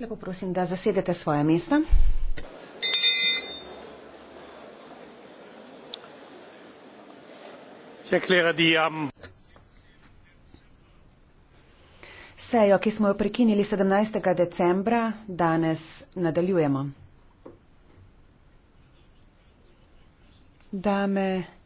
lepo prosim da zasedete svoja mesta sejo ki smo jo prekinili sedemnajstega decembra danes nadaljujemo dame